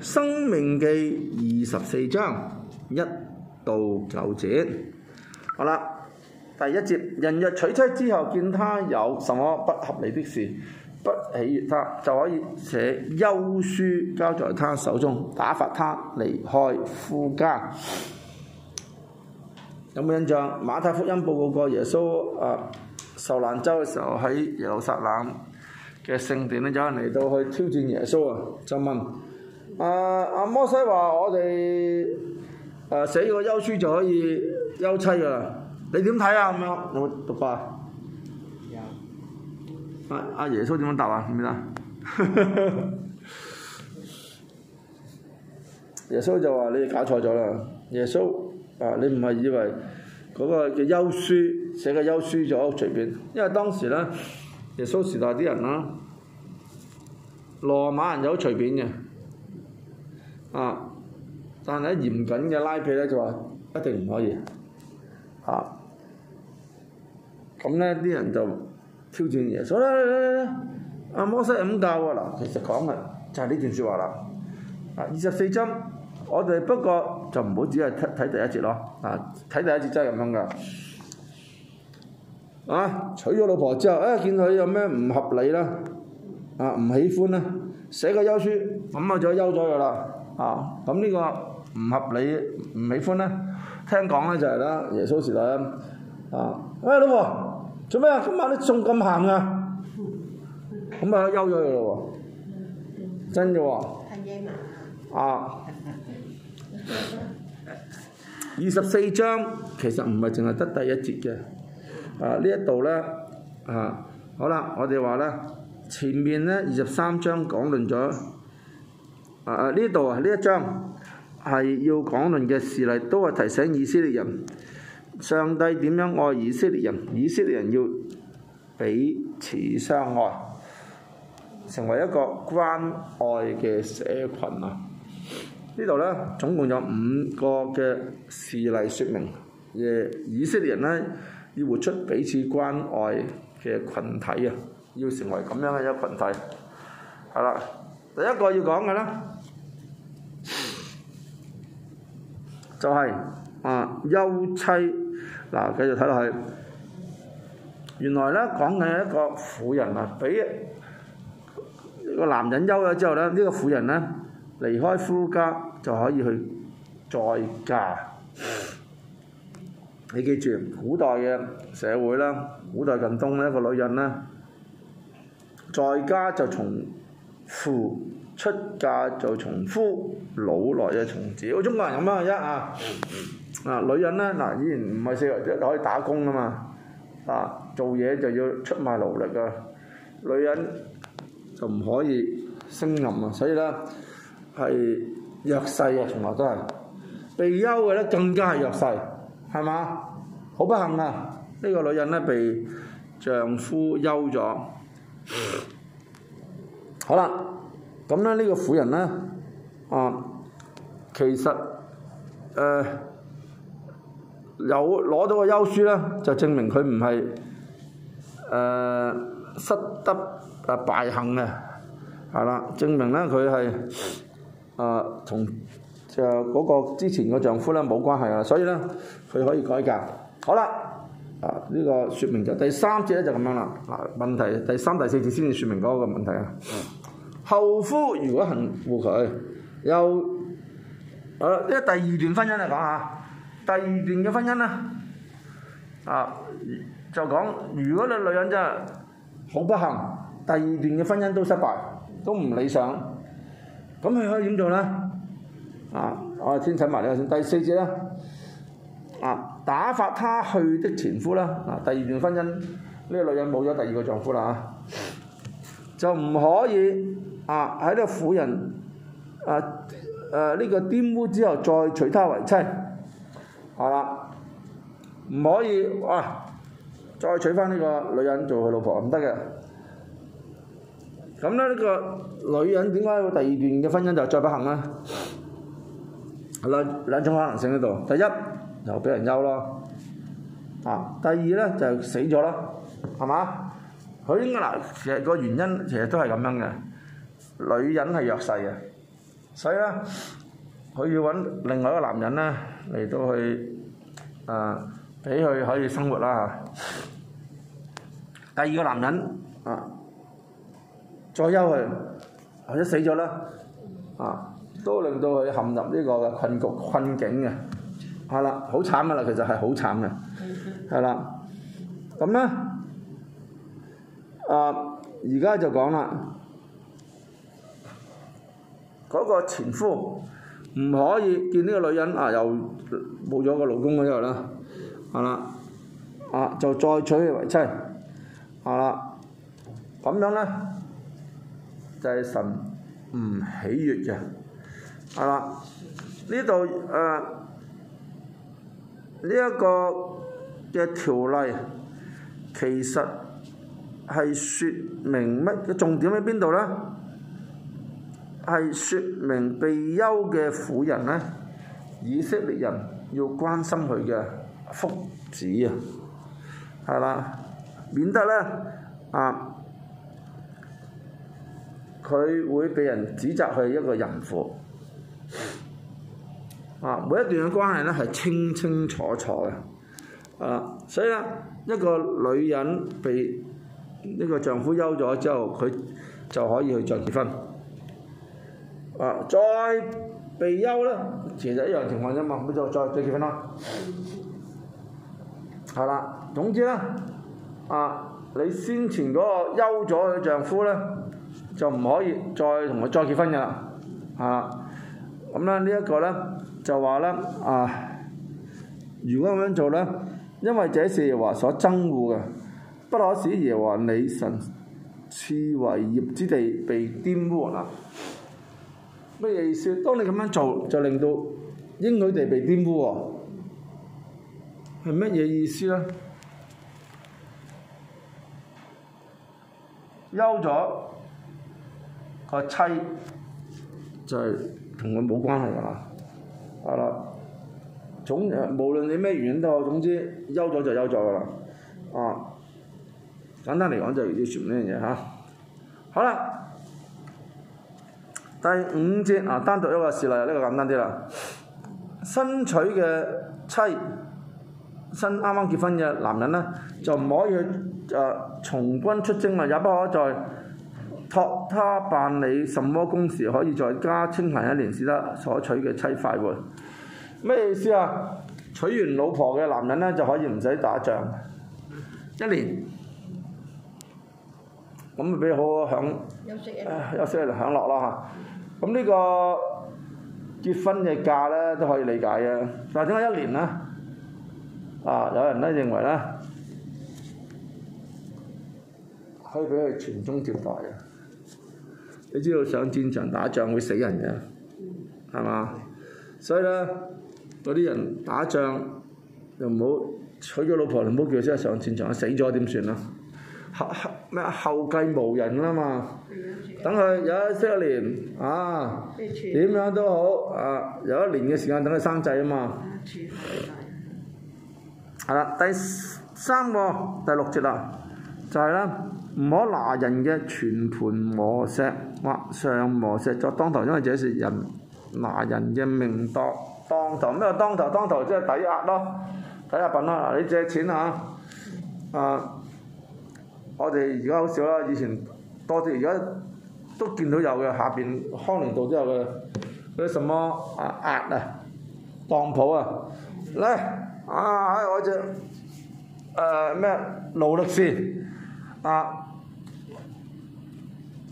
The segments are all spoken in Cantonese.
申命記二十四章一到九節，好啦，第一節，人若娶妻之後見他有什麼不合理的事，不喜悅他，就可以寫休書交在他手中，打發他離開夫家。有冇印象？馬太福音報告過耶穌誒、啊、受難週嘅時候喺耶路撒冷嘅聖殿咧，有人嚟到去挑戰耶穌啊，就問。誒阿、uh, 摩西話：我哋誒寫個休書就可以休妻噶啦，你點睇啊？咁樣有冇讀法？有。阿阿耶穌點樣答啊？ 你咪啦。耶穌就話：uh, 你哋搞錯咗啦！耶穌啊，你唔係以為嗰個叫休書寫個休書就好隨便，因為當時咧耶穌時代啲人啦、啊，羅馬人就好隨便嘅。啊！但係一嚴謹嘅拉比咧，就話一定唔可以啊！咁咧啲人就挑戰嘢，所以咧，阿摩西咁教喎、啊、嗱，其實講嘅就係呢段説話啦。啊，二十四章，我哋不過就唔好只係睇睇第一節咯。啊，睇第一節真係咁樣㗎。啊，娶咗老婆之後，哎，見佢有咩唔合理啦？啊，唔喜歡啦，寫個休書，咁啊就休咗㗎啦。啊，咁呢個唔合理唔喜歡咧，聽講咧就係啦，耶穌時代啊，喂，老婆做咩啊？今晚你仲咁行噶？咁啊休咗佢咯喎，真嘅喎。啊，二十四章其實唔係淨係得第一節嘅。啊，呢一度咧啊，好啦，我哋話咧前面咧二十三章講論咗。啊，呢度啊，呢一章係要講論嘅事例，都係提醒以色列人上帝點樣愛以色列人，以色列人要彼此相愛，成為一個關愛嘅社群啊！呢度咧總共有五個嘅事例説明，耶、呃、以色列人咧要活出彼此關愛嘅群體啊，要成為咁樣嘅一個群體，係啦，第一個要講嘅咧。就係、是啊、休妻嗱，繼續睇落去，原來呢，講緊係一個婦人啊，被一個男人休咗之後呢，呢、這個婦人呢，離開夫家就可以去再嫁。你記住，古代嘅社會啦，古代近東呢個女人呢，在家就從夫。出嫁就從夫，老來就從子。我中國人咁啊，一啊啊女人咧嗱，以前唔係四圍一可以打工啊嘛，啊做嘢就要出賣勞力㗎，女人就唔可以勝任啊，所以咧係弱勢嘅，從來都係被休嘅咧更加係弱勢，係嘛？好不幸啊！呢個女人咧被丈夫休咗，好啦。咁咧呢個婦人咧，啊、哦，其實誒、呃、有攞到個休書咧，就證明佢唔係誒失德啊敗行嘅，係啦，證明咧佢係啊同就嗰個之前個丈夫咧冇關係啊，所以咧佢可以改嫁。好啦，啊、這、呢個說明就第三節咧就咁樣啦。嗱問題第三第四節先至說明嗰個問題啊。嗯後夫如果恨負佢，又啊，好啦、這個、第二段婚姻嚟講嚇，第二段嘅婚姻啦，啊，就講如果你女人真係好不幸，第二段嘅婚姻都失敗，都唔理想，咁佢可以點做咧？啊，我哋先睇埋呢個先，第四節啦，啊，打發他去的前夫啦，啊，第二段婚姻呢、這個女人冇咗第二個丈夫啦啊，就唔可以。啊！喺呢個婦人啊，啊呢、呢個玷污之後再、啊啊，再娶她為妻，係啦，唔可以哇！再娶翻呢個女人做佢老婆唔得嘅。咁咧呢個女人點解會第二段嘅婚姻就再不幸咧？係啦，兩種可能性喺度。第一就俾人休咯，啊！第二咧就死咗啦，係嘛？佢應該嗱，其實個原因其實都係咁樣嘅。女人係弱勢嘅，所以咧，佢要揾另外一個男人咧嚟到去啊，俾佢可以生活啦嚇。第二個男人啊，再休佢，或者死咗咧，啊，都令到佢陷入呢個嘅困局困境嘅，係啦，好慘噶啦，其實係好慘嘅，係啦，咁咧啊，而家就講啦。嗰個前夫唔可以見呢個女人啊，又冇咗個老公嗰陣啦，係啦，啊就再娶佢為妻，係啦，咁、啊、樣咧就係、是、神唔喜悅嘅，係啦，呢度誒呢一個嘅條例其實係説明乜嘅重點喺邊度咧？係説明被休嘅婦人呢，以色列人要關心佢嘅福祉啊，係嘛？免得呢，啊，佢會俾人指責佢係一個淫婦啊！每一段嘅關係呢，係清清楚楚嘅啊，所以呢，一個女人被呢個丈夫休咗之後，佢就可以去再結婚。再被休咧，其實一樣情況啫嘛，咁就再再結婚啦。係啦，總之呢，啊，你先前嗰個休咗嘅丈夫呢，就唔可以再同佢再結婚嘅啦。係咁咧，呢一個呢，就話呢：啊，如果咁樣做呢，因為這是耶華所憎惡嘅，不可使耶華你神賜為業之地被玷污啦。咩嘢意思？當你咁樣做，就令到英女地被玷污喎，係乜嘢意思咧？休咗個妻就係，就係同佢冇關係啦，係啦。總無論你咩原因都好，總之休咗就休咗啦。啊，簡單嚟講，就要傳呢樣嘢嚇。好啦。第五節啊，單獨一個事例，呢個簡單啲啦。新娶嘅妻，新啱啱結婚嘅男人呢，就唔可以誒從軍出征啊，也不可再託他辦理什麼公事，可以在家清閒一年，先得所娶嘅妻快活。咩意思啊？娶完老婆嘅男人呢，就可以唔使打仗，一年，咁咪俾好好享，休息啊，休息享樂咯嚇。咁呢個結婚嘅假咧都可以理解嘅，但係點解一年咧？啊，有人咧認為咧，可以俾佢傳宗接代嘅。 你知道上戰場打仗會死人嘅，係嘛？所以咧，嗰啲人打仗又唔好娶咗老婆，唔好叫佢即係上戰場，死咗點算啊？後後咩後繼無人啦嘛？等佢有一些年，啊，點樣都好，啊，有一年嘅時間等佢生仔啊嘛。嗯、 啊，啦、就是。第三個第六節啦，就係啦，唔好拿人嘅全盤磨石或上磨石作當頭，因為這是人拿人嘅命作當頭，咩叫當頭？當頭即係抵押咯，抵押品咯。你借錢啊？啊，我哋而家好少啦、啊，以前多啲，而家。都見到有嘅，下邊康寧道都有嘅，嗰啲什麼啊鴨啊，當鋪啊，嚟啊、哎、我隻誒咩勞力士啊，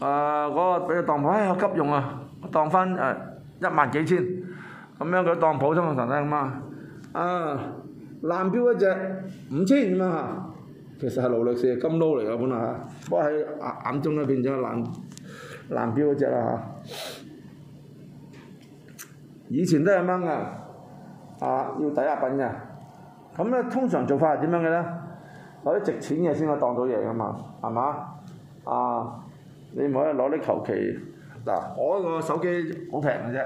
誒、啊、嗰、那個俾只當鋪，哎我急用啊，當翻誒、啊啊、一萬幾千，咁樣佢啲當鋪通常都係咁啊，啊爛標一隻五千五啊，其實係勞力士金勞嚟嘅，本嚟嚇，不過喺眼中咧變咗係爛。藍標嗰隻啦嚇，以前都係咁樣噶，啊要抵押品嘅，咁、啊、咧通常做法係點樣嘅咧？攞啲值錢嘅先可以當到嘢噶嘛，係嘛？啊，你唔可以攞啲求其，嗱、啊，我個手機好平嘅啫，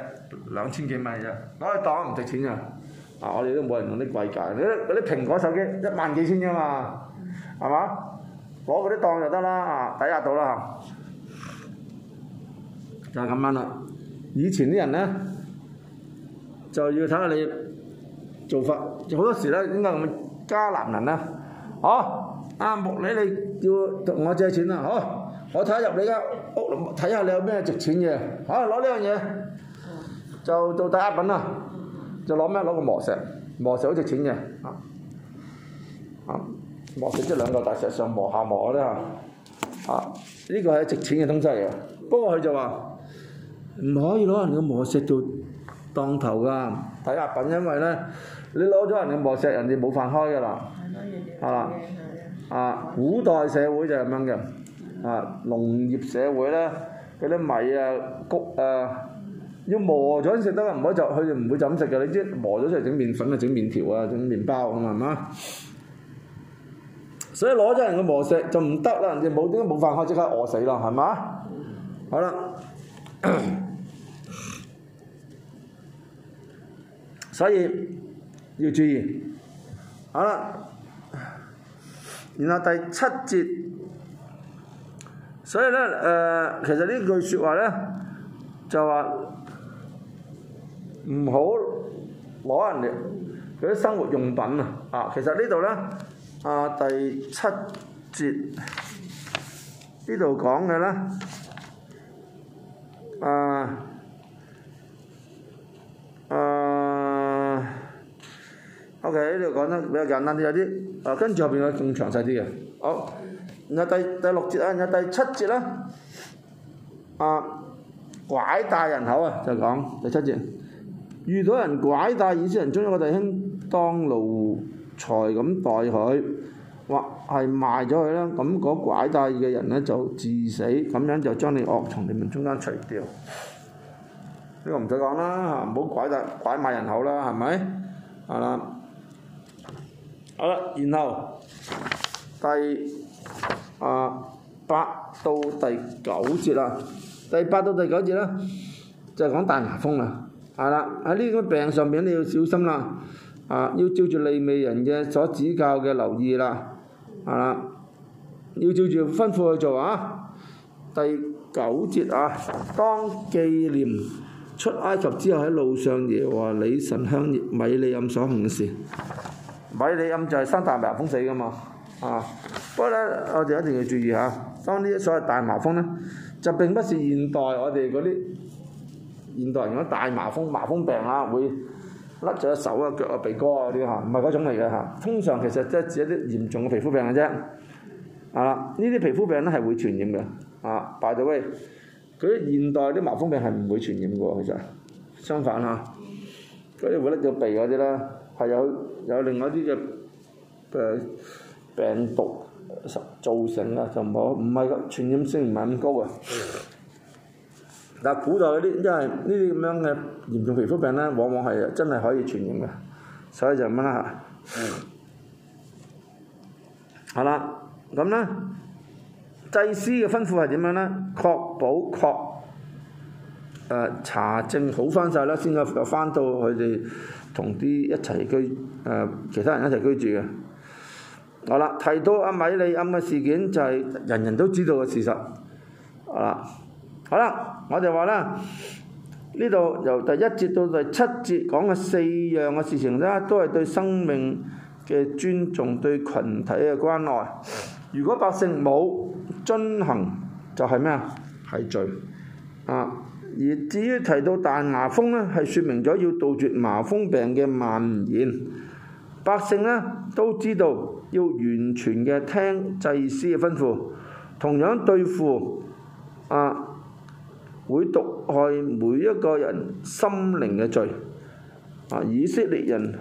兩千幾米啫，攞、啊、去當唔值錢噶，啊我哋都冇人用啲貴價，嗰啲嗰啲蘋果手機一萬幾千啫嘛，係嘛？攞嗰啲當就得啦、啊，抵押到啦。就係咁樣啦。以前啲人呢，就要睇下你做法，好多時咧點解，咁加難人咧？好，阿、啊、木你你要同我借錢啊。好，我睇入你嘅屋，睇下你有咩值錢嘅。好，攞呢樣嘢就做抵押品啊。就攞咩？攞個磨石，磨石好值錢嘅。啊啊，磨石即係兩個大石上磨下磨嗰啲啊。啊，呢個係值錢嘅東西嘅。不過佢就話，唔可以攞人嘅磨石做當頭噶，抵押品，因為咧你攞咗人嘅磨石，人哋冇飯開噶啦，係嘛？啊，古代社會就係咁樣嘅，啊、嗯，農業社會咧，嗰啲米啊、谷啊要磨咗先食得，唔可以就佢哋唔會就咁食嘅，你知磨咗出嚟整麵粉啊、整麵條啊、整麵包咁啊嘛。所以攞咗人嘅磨石就唔得啦，人哋冇點都冇飯開，即刻餓死啦，係嘛？嗯、好啦的。 所以要注意，好啦，然後第七節，所以呢，誒、呃，其實呢句説話呢，就話唔好攞人哋嗰啲生活用品啊！其實呢度呢，啊、呃、第七節呢度講嘅呢。O.K. 呢度講得比較簡單啲，有啲啊跟住後邊有更詳細啲嘅。好，然後第第六節啦，然後第七節啦。啊，拐帶人口啊，就講第七節。遇到人拐帶，以色列人中一個弟兄當奴才咁待佢，或係賣咗佢啦。咁嗰拐帶嘅人咧就治死，咁樣就將你惡從你們中間除掉。呢個唔使講啦，嚇，唔好拐帶拐賣人口啦，係咪？係啦。好啦，然後第啊八到第九節啊，第八到第九節啦、啊，就講、是、大痲瘋啦，係、啊、啦，喺呢個病上面你要小心啦，啊，要照住利未人嘅所指教嘅留意啦，係、啊、啦、啊，要照住吩咐去做啊。第九節啊，當記念出埃及之後，喺路上耶和華你神向葉米利暗所行嘅事。委你咁就係、是、生大麻風死嘅嘛，啊！不過咧，我哋一定要注意嚇。當呢啲所謂大麻風咧，就並不是現代我哋嗰啲現代人咁大麻風麻風病啊，會甩咗手啊、腳啊、鼻哥啊嗰啲嚇，唔係嗰種嚟嘅嚇。通常其實即係指一啲嚴重嘅皮膚病嘅啫。啊，呢啲皮膚病咧係會傳染嘅。啊，By the way，佢啲現代啲麻風病係唔會傳染嘅，其實相反嚇。啊嗰啲會甩咗鼻嗰啲啦，係有有另外啲嘅誒病毒造成嘅，就唔好，唔係嘅傳染性唔係咁高嘅。嗱、嗯，但古代嗰啲，因為呢啲咁樣嘅嚴重皮膚病咧，往往係真係可以傳染嘅，所以就咁啦嚇。嗯、 好啦，咁咧祭司嘅吩咐係點樣咧？確保確。啊、查證好翻晒啦，先至又翻到佢哋同啲一齊居誒、呃、其他人一齊居住嘅。好啦，提到阿米利暗嘅事件就係人人都知道嘅事實。啊，好啦，我哋話啦，呢度由第一節到第七節講嘅四樣嘅事情啦，都係對生命嘅尊重，對群體嘅關愛。如果百姓冇遵行就，就係咩啊？係罪啊！而至於提到大痲瘋呢，係説明咗要杜絕麻風病嘅蔓延。百姓呢都知道要完全嘅聽祭司嘅吩咐，同樣對付啊會毒害每一個人心靈嘅罪。啊，以色列人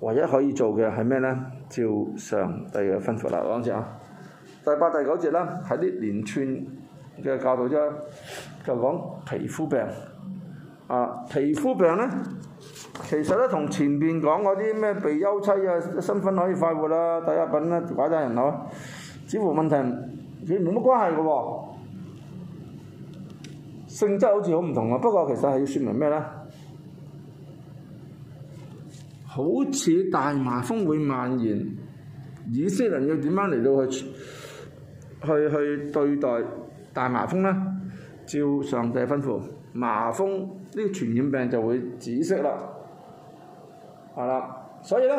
唯一可以做嘅係咩呢？照上帝嘅吩咐啦。講住啊，第八第九節啦，喺啲連串。嘅教導啫，就講皮膚病啊！皮膚病咧，其實咧同前面講嗰啲咩被休妻啊、身份可以快活啦、啊、抵押品啦、啊、拐帶人口、啊，似乎問題佢冇乜關係嘅喎，啊，性質好似好唔同啊，不過其實係要説明咩咧？好似大麻風會蔓延，以色列要點樣嚟到去去去對待？大麻風呢，照上帝吩咐，麻風呢個傳染病就會止息啦，係啦，所以呢，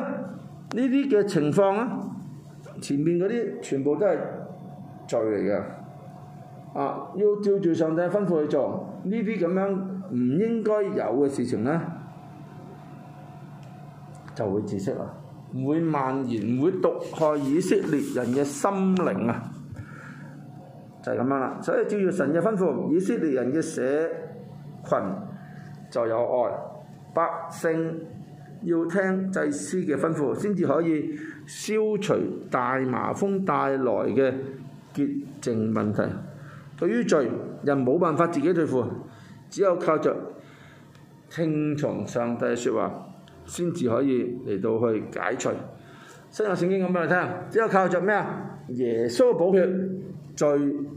呢啲嘅情況呢，前面嗰啲全部都係罪嚟嘅，啊，要照住上帝吩咐去做，呢啲咁樣唔應該有嘅事情呢，就會止息啦，唔會蔓延，唔會毒害以色列人嘅心靈啊！就係咁樣啦，所以照住神嘅吩咐，以色列人嘅社群就有愛，百姓要聽祭司嘅吩咐，先至可以消除大麻風帶來嘅潔淨問題。對於罪，人冇辦法自己對付，只有靠着聽從上帝嘅說話，先至可以嚟到去解除。新約聖經講俾你聽，只有靠着咩啊？耶穌嘅寶血罪。